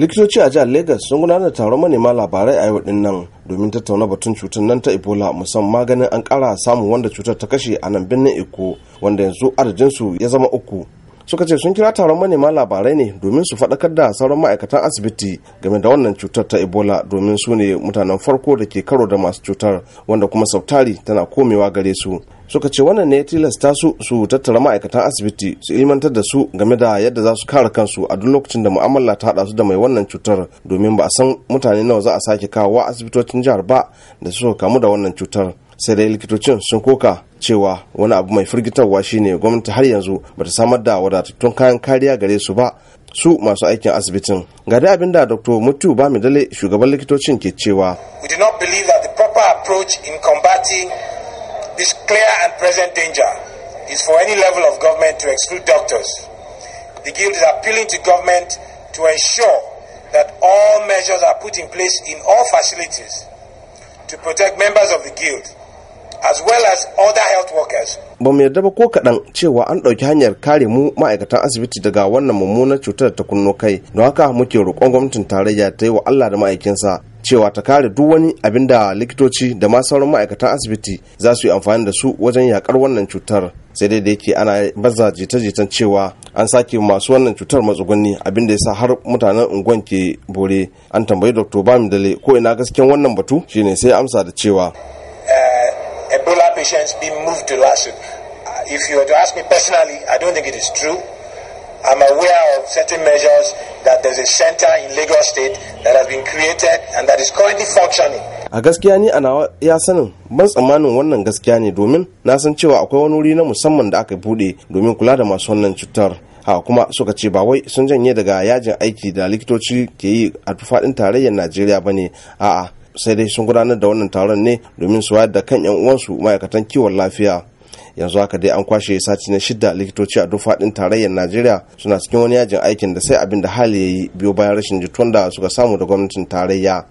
likitoci a jihar lagos sun gudanar da taron manema labarai a yau din nan domin tattauna batun cutar nan ta ebola musamman maganin an kara samun wanda cutar ta kashe a nan birnin eko wanda yanzu adadinsu ya zama uku suka ce sun kira taron manema labarai ne domin su faɗakar da sauran ma'aikatan asibiti game da wannan cutar ta ebola domin su ne mutanen farko da ke karo da masu cutar wanda kuma sautari tana komewa gare su suka ce wannan ne ya tilasta su su tattara ma'aikatan asibiti su ilmantar da su game da yadda za su kare kansu a duk lokacin da mu'amala ta hada su da mai wannan cutar domin ba a san mutane nawa za a sake kawo asibitocin jihar ba da suka kamu da wannan cutar sai dai likitocin sun koka cewa wani abu mai firgitarwa shine gwamnati har yanzu bata samar da wadatattun kayan kariya gare su ba su masu aikin asibitin ga da abin da dr mutu bamidale shugaban likitocin ke cewa we do not believe that the proper approach in combating this clear and present danger is for any level of government to exclude doctors the guild is appealing to government to ensure that all measures are put in place in all facilities to protect members of the guild as well as other health workers. Ba mu yarda ba ko kaɗan cewa an ɗauki hanyar kare mu ma'aikatan asibiti daga wannan mummunar cutar ta kunno kai. Don haka muke roƙon gwamnatin tarayya ta yi wa Allah da ma'aikinsa cewa ta kare duk wani abin da likitoci da ma sauran ma'aikatan asibiti za su yi amfani da su wajen yakar wannan cutar sai dai da yake ana baza jita-jitan cewa an sake masu wannan cutar matsugunni abin da ya sa har mutanen unguwan ke bore an tambayi dr bamidale ko ina gasken wannan batu shine sai amsa da cewa patients being moved to LASUD. Uh, if you were to ask me personally, I don't think it is true. I'm aware of certain measures that there's a center in Lagos State that has been created and that is currently functioning. A gaskiya ni a nawa ya sanin ban tsammanin wannan gaskiya ne domin na san cewa akwai wani wuri na musamman da aka bude domin kula da masu wannan cutar. Ha kuma suka ce ba wai sun janye daga yajin aiki da likitoci ke yi a tufaɗin tarayyar Najeriya ba ne a'a sai dai sun gudanar da wannan taron ne domin su wayar da kan 'yan uwansu ma'aikatan kiwon lafiya yanzu haka dai an kwashe sati na shida likitoci a duk faɗin tarayyar najeriya suna cikin wani yajin aikin da sai abin da hali ya yi biyo bayan rashin jituwan da suka samu da gwamnatin tarayya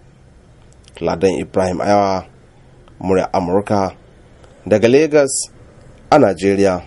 ladan ibrahim ayawa murya amurka daga lagos a najeriya